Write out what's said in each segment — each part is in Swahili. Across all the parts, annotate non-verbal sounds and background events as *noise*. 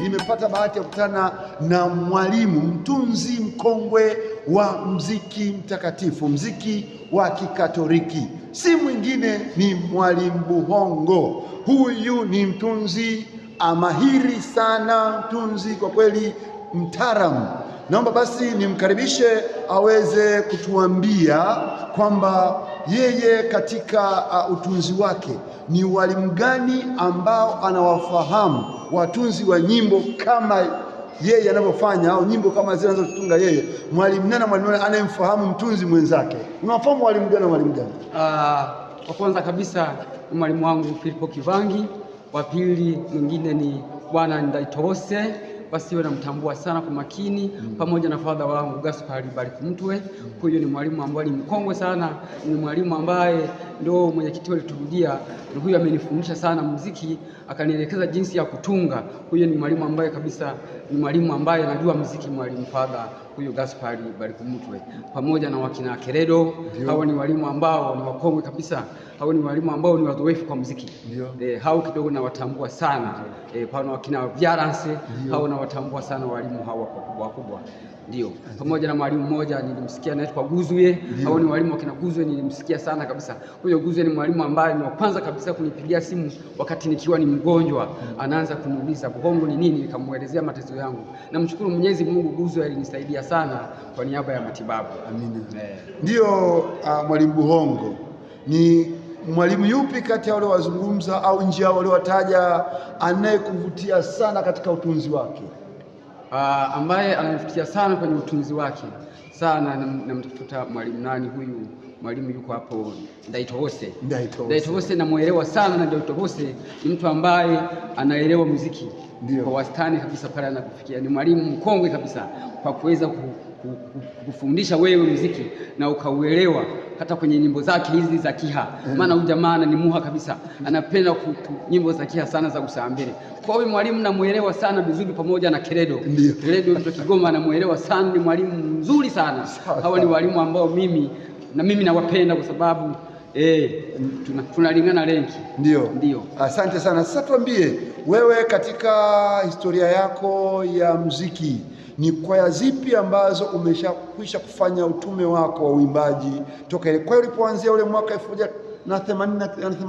nimepata bahati ya kukutana na mwalimu mtunzi mkongwe wa mziki mtakatifu, mziki wa Kikatoliki, si mwingine ni mwalimu Buhongo. Huyu ni mtunzi amahiri sana, mtunzi kwa kweli, mtaalamu Naomba basi nimkaribishe aweze kutuambia kwamba yeye katika uh, utunzi wake ni walimu gani ambao anawafahamu watunzi wa nyimbo kama yeye anavyofanya au nyimbo kama zile anazotunga yeye. Mwalimu nani na mwalimu nani anayemfahamu mtunzi mwenzake? Unafahamu walimu gani na mwalimu gani? kwa ah, kwanza kabisa ni mwalimu wangu Filipo Kivangi, wa pili mwingine ni Bwana Ndaitose basi iwe namtambua sana kwa makini mm. pamoja na fadha wangu Gaspar Bariki Mtwe mm. huyu ni mwalimu ambaye ni mkongwe sana, ni mwalimu ambaye ndo mwenyekiti aliturudia. Huyu amenifundisha sana muziki, akanielekeza jinsi ya kutunga. Huyu ni mwalimu ambaye kabisa, ni mwalimu ambaye anajua muziki, mwalimu fadha huyu Gaspari Barikumutwe pamoja na wakina Keredo. Hawa ni walimu ambao ni wakongwe kabisa, hao ni walimu ambao ni wazoefu kwa muziki e, hao kidogo nawatambua sana e, eh, pana wakina Vyaranse hao nawatambua sana walimu hao wakubwa wakubwa, ndio pamoja na mwalimu mmoja nilimsikia anaitwa Guzwe. Hao ni walimu wakina Guzwe, nilimsikia sana kabisa. Huyo Guzwe ni mwalimu ambaye ni wa kwanza kabisa kunipigia simu wakati nikiwa ni mgonjwa, anaanza kuniuliza bongo ni nini, nikamuelezea matatizo yangu. Namshukuru Mwenyezi Mungu, Guzwe alinisaidia sana kwa niaba ya matibabu. Amina. Eh. Ndiyo. Uh, ah, Mwalimu Buhongo ni mwalimu yupi kati ya wale wazungumza au njia waliowataja anayekuvutia sana katika utunzi wake? Uh, ambaye ananivutia sana kwenye utunzi wake sana, namtafuta mwalimu nani huyu mwalimu yuko hapo Ndaitowose. Ndaitowose namwelewa sana, na Ndaitowose ni mtu ambaye anaelewa muziki Ndiyo. kwa wastani kabisa pale anakufikia. Ni mwalimu mkongwe kabisa kwa kuweza kufundisha wewe muziki na ukauelewa hata kwenye nyimbo zake hizi za Kiha, mm. maana huyu jamaa ni muha kabisa, anapenda nyimbo za Kiha sana za Usambere. Kwa hiyo mwalimu namuelewa sana vizuri, pamoja na Keredo. Keredo kutoka Kigoma namuelewa sana, ni mwalimu mzuri sana. Hawa ni walimu ambao mimi na mimi nawapenda kwa sababu eh, tunalingana lenki. Ndio, ndio. Asante sana. Sasa tuambie wewe, katika historia yako ya muziki ni kwaya zipi ambazo umeshakwisha kufanya utume wako wa uimbaji toka ile kwaya ulipoanzia ule mwaka elfu moja na themanini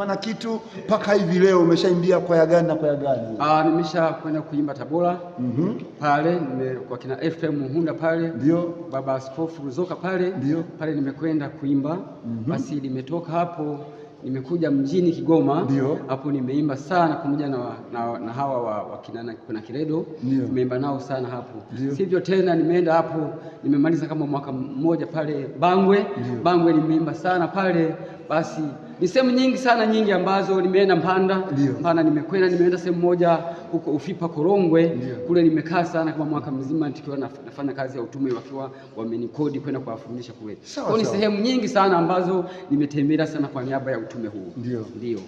na kitu mpaka hivi leo umeshaimbia kwaya gani na kwaya gani? Ah, nimesha kwenda kuimba Tabora mm -hmm. pale nime, kwa kina FM Muhunda pale ndio baba askofu Ruzoka pale ndio pale nimekwenda kuimba mm -hmm. Basi nimetoka hapo nimekuja mjini Kigoma hapo nimeimba sana pamoja na, na, na hawa wa, wa kinana, kuna kiredo nimeimba nao sana hapo. Sivyo tena nimeenda hapo nimemaliza kama mwaka mmoja pale Bangwe. Ndiyo. Bangwe nimeimba sana pale basi ni sehemu nyingi sana nyingi ambazo nimeenda Mpanda. Mpanda nimekwenda, nimeenda sehemu moja huko Ufipa Korongwe. Kule nimekaa sana kama mwaka mzima nikiwa nafanya kazi ya utume, wakiwa wamenikodi kwenda kuwafundisha kule. Kwa ni sehemu nyingi sana ambazo nimetembelea sana kwa niaba ya utume huu. Ndio. Ndio.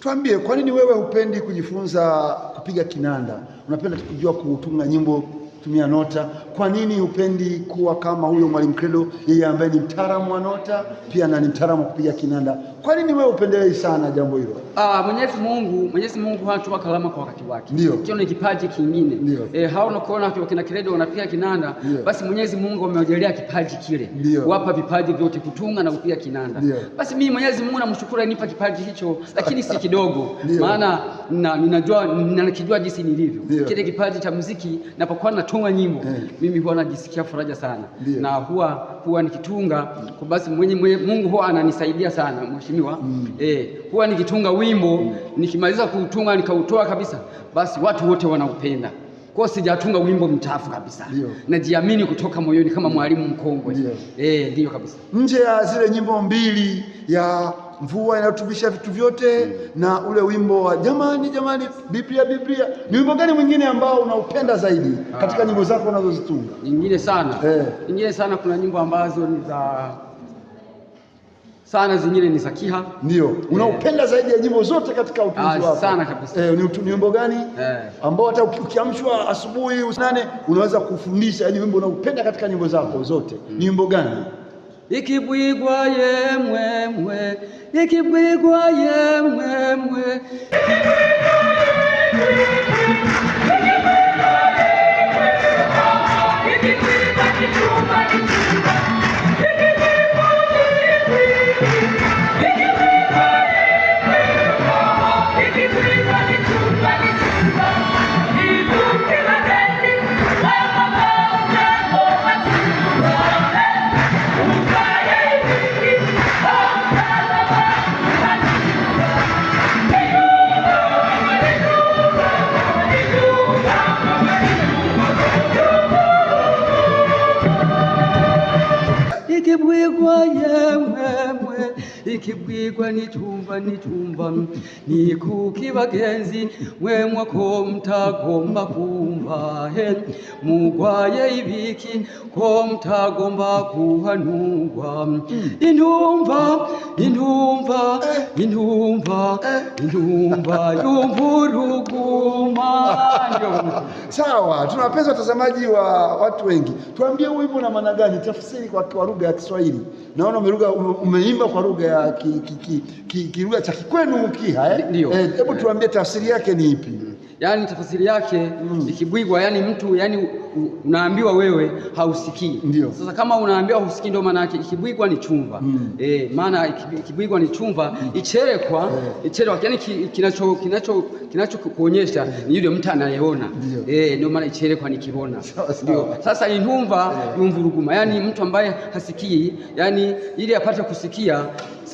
Tuambie, kwa nini wewe hupendi kujifunza kupiga kinanda, unapenda kujua kutunga nyimbo tumia nota. Kwa nini hupendi kuwa kama huyo mwalimu Credo, yeye ambaye ni mtaalamu wa nota pia na ni mtaalamu wa kupiga kinanda? Kwa nini wewe upendelei sana jambo hilo? Ah, Mwenyezi Mungu, Mwenyezi Mungu hatoa kalama kwa wakati wake, ndio ni kipaji kingine. Eh, hao unakoona wakina Credo wanapiga kinanda Dio. Basi Mwenyezi Mungu amewajalia kipaji kile, wapa vipaji vyote kutunga na kupiga kinanda Dio. Basi mimi Mwenyezi Mungu namshukuru, anipa kipaji hicho, lakini si kidogo, maana ninajua ninakijua jinsi nilivyo kile kipaji cha muziki napokuwa na tunatunga nyimbo yeah. mimi huwa najisikia faraja sana yeah. na huwa huwa nikitunga kwa basi mwenye, mwenye, Mungu huwa ananisaidia sana mheshimiwa mm, eh, huwa nikitunga wimbo mm, nikimaliza kuutunga nikautoa kabisa, basi watu wote wanaupenda kwa sijatunga wimbo mtafu kabisa, najiamini kutoka moyoni kama mwalimu mkongwe eh, ndio kabisa, nje ya zile nyimbo mbili ya mvua inarutubisha vitu vyote mm. na ule wimbo wa jamani jamani Biblia Biblia. Ni wimbo gani mwingine ambao unaupenda zaidi katika nyimbo zako unazozitunga? Nyingine sana eh. Nyingine sana, kuna nyimbo ambazo ni za sana zingine ni za Kiha ndio eh. unaupenda yeah. zaidi ya nyimbo zote katika utunzi ah, wako sana kabisa eh, ni wimbo gani yeah. ambao hata ukiamshwa asubuhi usinane unaweza kufundisha, yaani wimbo unaupenda katika nyimbo zako zote mm. ni wimbo gani? E igwe ya enwe enwe ikigbu የጓየም ikibwigwa n'icyumva n'icyumva nikuka ibagenzi mwe mwako mtagomba kumva he mugwaye ibiki ko mtagomba kuhanugwa intumva intumva intumva intumva yumvuruguma sawa tunapeza watazamaji wa watu wengi tuambie wimbo na maana gani tafsiri kwa lugha ya Kiswahili naona umeruga umeimba sio kwa lugha ya kilugha ki, ki, ki, ki, cha Kikwenu Kiha. Eh, hebu eh, tuambie tafsiri yake ni ipi? yani tafsiri yake mm. ikibwigwa yani mtu yani unaambiwa wewe hausikii. Sasa kama unaambiwa husikii, ndio maana yake ikibwigwa ni chumva mm. e, maana ikibwigwa ni chumva mm. icherekwa yeah. icherekwa yani kinacho kinacho kuonyesha yeah. ni yule mtu anayeona eh, ndio maana icherekwa ni kibona. Ndio. Sasa inumva yeah. yumvuruguma eh. yani yeah. mtu ambaye hasikii yani ili apate kusikia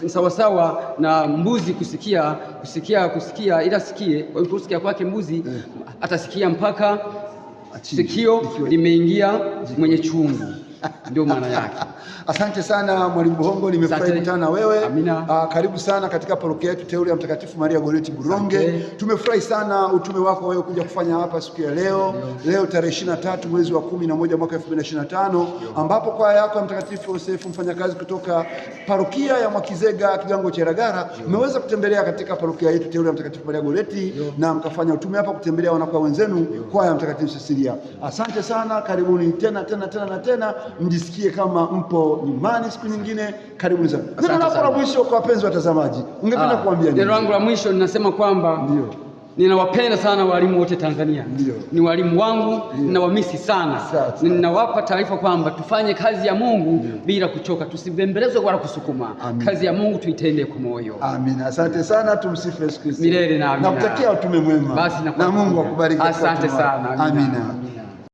sawasawa na mbuzi kusikia kusikia kusikia, ila sikie kusikia kwake mbuzi hizi mm. Eh. atasikia mpaka sikio limeingia mwenye chungu. *laughs* ndio maana yake. *laughs* Asante sana Mwalimu Buhongo, nimefurahi kukutana na wewe. Amina. Aa, ah, karibu sana katika parokia yetu teule ya Mtakatifu Maria Goreti Buronge. Tumefurahi sana utume wako wewe kuja kufanya hapa siku ya leo Amina. Leo tarehe 23 mwezi wa 11 mwaka 2025 ambapo kwaya yako ya Mtakatifu Yosefu mfanyakazi kutoka parokia ya Mwakizega kigango cha Ragara umeweza kutembelea katika parokia yetu teule ya Mtakatifu Maria Goreti na mkafanya utume hapa kutembelea wanakwaya wenzenu kwaya ya Mtakatifu Cecilia. Asante sana, karibuni tena tena tena na tena mjisikie kama mpo nyumbani siku nyingine. Karibuni sana. Neno lako la mwisho kwa wapenzi watazamaji, ungependa ah, kuambia nini? Neno langu la mwisho ninasema kwamba ndio ninawapenda sana walimu wote Tanzania. Ndiyo. ni walimu wangu ninawamisi sana, ninawapa taarifa kwamba tufanye kazi ya Mungu Ndiyo. bila kuchoka, tusibembelezwe wala kusukuma. Amin. kazi ya Mungu tuitende kwa moyo. Amina, asante sana, tumsifu Yesu Kristo milele na amina. Nakutakia utume mwema, basi na Mungu akubariki. Asante sana, amina, amina.